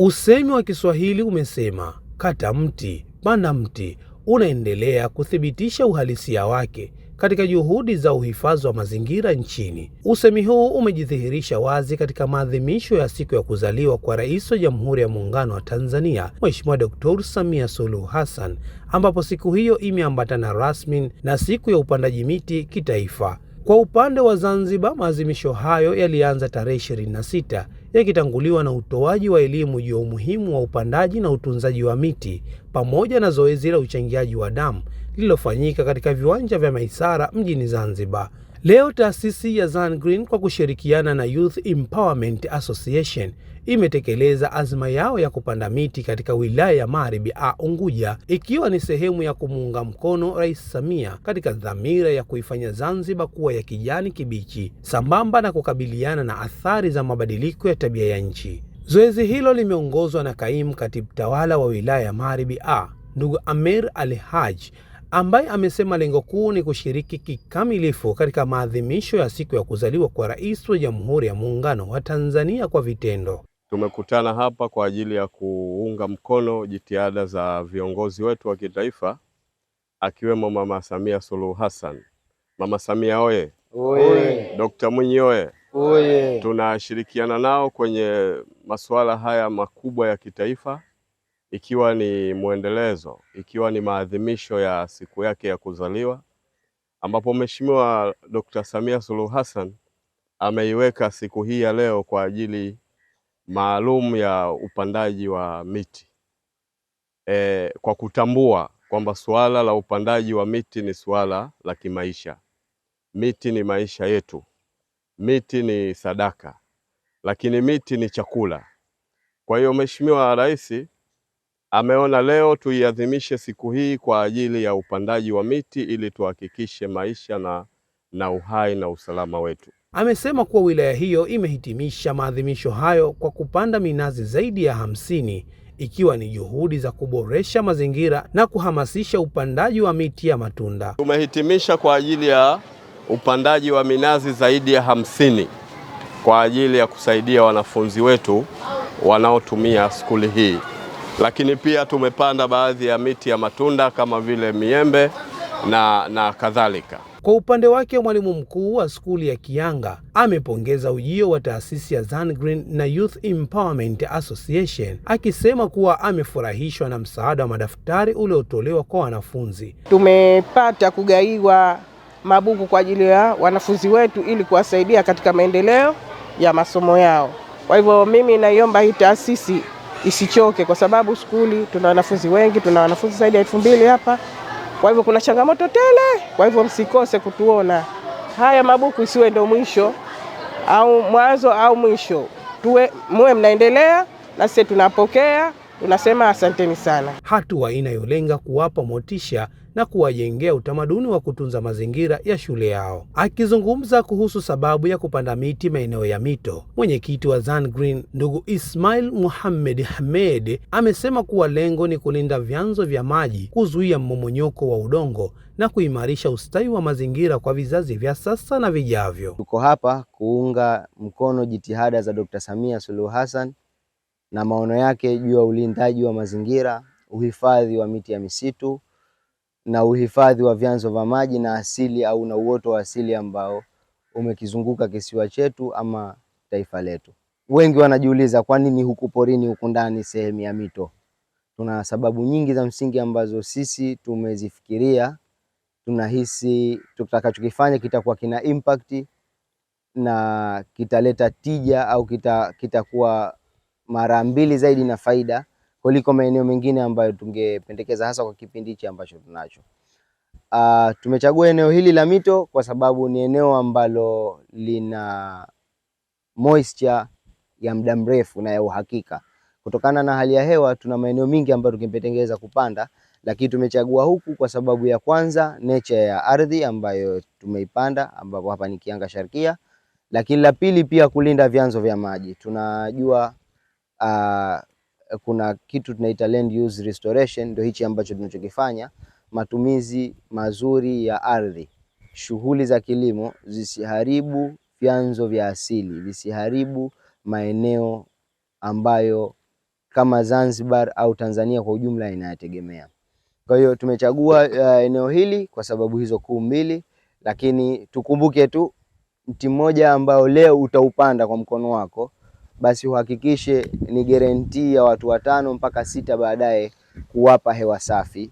Usemi wa Kiswahili umesema kata mti, panda mti unaendelea kuthibitisha uhalisia wake katika juhudi za uhifadhi wa mazingira nchini. Usemi huu umejidhihirisha wazi katika maadhimisho ya siku ya kuzaliwa kwa Rais wa Jamhuri ya Muungano wa Tanzania, Mheshimiwa Dkt. Samia Suluhu Hassan, ambapo siku hiyo imeambatana rasmi na siku ya upandaji miti kitaifa. Kwa upande wa Zanzibar, maadhimisho hayo yalianza tarehe 26 yakitanguliwa na utoaji wa elimu juu ya umuhimu wa upandaji na utunzaji wa miti pamoja na zoezi la uchangiaji wa damu lililofanyika katika viwanja vya Maisara mjini Zanzibar Leo taasisi ya Zan Green kwa kushirikiana na Youth Empowerment Association imetekeleza azma yao ya kupanda miti katika wilaya ya Magharibi A Unguja, ikiwa ni sehemu ya kumuunga mkono Rais Samia katika dhamira ya kuifanya Zanzibar kuwa ya kijani kibichi, sambamba na kukabiliana na athari za mabadiliko ya tabia ya nchi. Zoezi hilo limeongozwa na Kaimu Katibu Tawala wa wilaya ya Magharibi A, ndugu Amir Al haj ambaye amesema lengo kuu ni kushiriki kikamilifu katika maadhimisho ya siku ya kuzaliwa kwa Rais wa Jamhuri ya Muungano wa Tanzania kwa vitendo. Tumekutana hapa kwa ajili ya kuunga mkono jitihada za viongozi wetu wa kitaifa akiwemo Mama Samia Suluhu Hassan. Mama Samia oye! Dokta Mwinyi Oye! Tunashirikiana nao kwenye masuala haya makubwa ya kitaifa ikiwa ni mwendelezo, ikiwa ni maadhimisho ya siku yake ya kuzaliwa, ambapo Mheshimiwa Dr. Samia Suluhu Hassan ameiweka siku hii ya leo kwa ajili maalum ya upandaji wa miti e, kwa kutambua kwamba suala la upandaji wa miti ni suala la kimaisha. Miti ni maisha yetu, miti ni sadaka, lakini miti ni chakula. Kwa hiyo Mheshimiwa Rais Ameona leo tuiadhimishe siku hii kwa ajili ya upandaji wa miti ili tuhakikishe maisha na, na uhai na usalama wetu. Amesema kuwa wilaya hiyo imehitimisha maadhimisho hayo kwa kupanda minazi zaidi ya hamsini ikiwa ni juhudi za kuboresha mazingira na kuhamasisha upandaji wa miti ya matunda. Tumehitimisha kwa ajili ya upandaji wa minazi zaidi ya hamsini kwa ajili ya kusaidia wanafunzi wetu wanaotumia skuli hii lakini pia tumepanda baadhi ya miti ya matunda kama vile miembe na, na kadhalika. Kwa upande wake mwalimu mkuu wa skuli ya Kianga amepongeza ujio wa taasisi ya Zangreen na Youth Empowerment Association akisema kuwa amefurahishwa na msaada wa madaftari uliotolewa kwa wanafunzi. Tumepata kugaiwa mabuku kwa ajili ya wanafunzi wetu ili kuwasaidia katika maendeleo ya masomo yao. Kwa hivyo mimi naiomba hii taasisi isichoke, kwa sababu skuli tuna wanafunzi wengi, tuna wanafunzi zaidi ya elfu mbili hapa. Kwa hivyo kuna changamoto tele, kwa hivyo msikose kutuona. Haya mabuku isiwe ndio mwisho au mwanzo au mwisho, tuwe muwe mnaendelea na sisi tunapokea tunasema asanteni sana, hatua inayolenga kuwapa motisha na kuwajengea utamaduni wa kutunza mazingira ya shule yao. Akizungumza kuhusu sababu ya kupanda miti maeneo ya mito, mwenyekiti wa Zan ndugu Ismail muhammed Hamed amesema kuwa lengo ni kulinda vyanzo vya maji, kuzuia mmomonyoko wa udongo na kuimarisha ustawi wa mazingira kwa vizazi vya sasa na vijavyo. Tuko hapa kuunga mkono jitihada za Dr. Samia Suluhu Hassan na maono yake juu ya ulindaji wa mazingira, uhifadhi wa miti ya misitu na uhifadhi wa vyanzo vya maji na asili au na uoto wa asili ambao umekizunguka kisiwa chetu ama taifa letu. Wengi wanajiuliza kwa nini huku porini, huku ndani, sehemu ya mito? Tuna sababu nyingi za msingi ambazo sisi tumezifikiria, tunahisi tutakachokifanya kitakuwa kina impact na kitaleta tija au kitakuwa kita mara mbili zaidi na faida kuliko maeneo mengine ambayo tungependekeza hasa kwa kipindi hichi ambacho tunacho. Uh, tumechagua eneo hili la mito kwa sababu ni eneo ambalo lina moisture ya muda mrefu na ya uhakika. Kutokana na hali ya hewa, tuna maeneo mengi ambayo tungependekeza kupanda, lakini tumechagua huku kwa sababu ya kwanza nature ya ardhi ambayo tumeipanda, ambapo hapa ni Kianga Sharkia, lakini la pili pia kulinda vyanzo vya maji. Tunajua uh, kuna kitu tunaita land use restoration, ndio hichi ambacho tunachokifanya, matumizi mazuri ya ardhi, shughuli za kilimo zisiharibu vyanzo vya asili, visiharibu maeneo ambayo kama Zanzibar au Tanzania kwa ujumla inayategemea. Kwa hiyo tumechagua uh, eneo hili kwa sababu hizo kuu mbili, lakini tukumbuke tu mti mmoja ambao leo utaupanda kwa mkono wako basi uhakikishe ni guarantee ya watu watano mpaka sita baadaye kuwapa hewa safi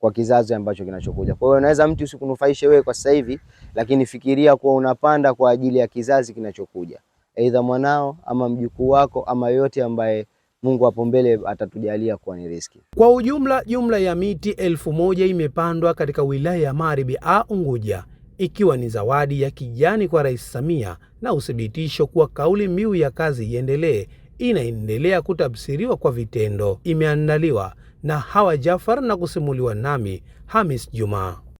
kwa kizazi ambacho kinachokuja. Kwa hiyo unaweza mti usikunufaishe wewe kwa sasa hivi, lakini fikiria kuwa unapanda kwa ajili ya kizazi kinachokuja, aidha mwanao ama mjukuu wako ama yoyote ambaye Mungu hapo mbele atatujalia kuwa ni riski. Kwa ujumla, jumla ya miti elfu moja imepandwa katika wilaya ya Magharibi a Unguja ikiwa ni zawadi ya kijani kwa Rais Samia na uthibitisho kuwa kauli mbiu ya kazi iendelee inaendelea kutafsiriwa kwa vitendo. Imeandaliwa na Hawa Jafar na kusimuliwa nami Hamis jumaa